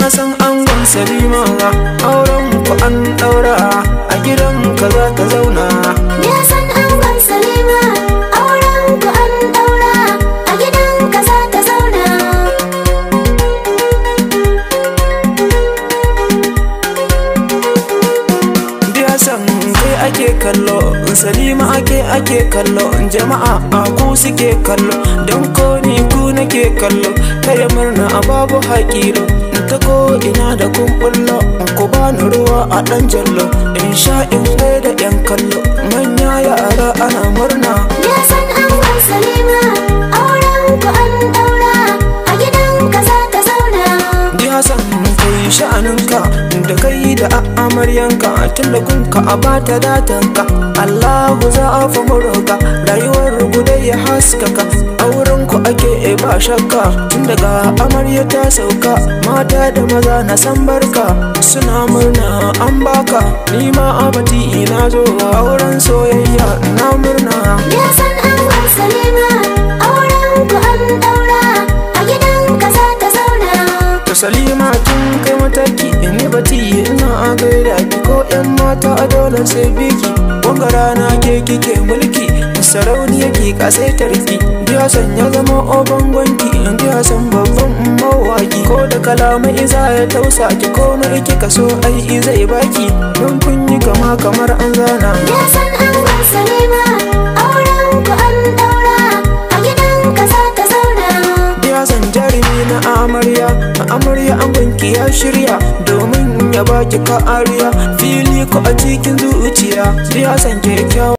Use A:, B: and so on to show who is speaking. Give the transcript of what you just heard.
A: na san angon salima auren ku an daura a gidan ka za ka zauna ni na san angon salima auren ku an daura a gidan ka za ka zauna biya san kai ake kallo salima ake ake kallo jama'a a ku suke kallo na nake kallo taya murna a babu haƙira ta ko ina da kumɓullo ku bani ruwa a ɗan jallo in sha in da 'yan kallo manya yara ana murna ya san an sha'aninka da kai da amaryanka tun da a bata datanka allahu za a fa rayuwar guda ya haskaka ake e ba shakka tun daga amarya ta sauka mata da maza na san barka suna murna an baka ni ma abati ina zo a wurin soyayya na murna salima auren ku an daura salima tun kai mataki yi bati ina a gaida ki ko yan mata a dole sai biki wanga rana ke kike mulki sarauni yake ƙasaitarki. Biya san ya zama oban gwanki san babban mawaki Ko da kalamai za ya tausa ki na kika kaso ai zai baki Don kun yi kama kamar an zana Diyasan an ne auren ku an daura A gidan ka za ka zauna jarumi na amarya Amarya an gwanki ya shirya domin ya baki ka'ariya Fili ko a cikin zuciya Diyasan kyakkyawa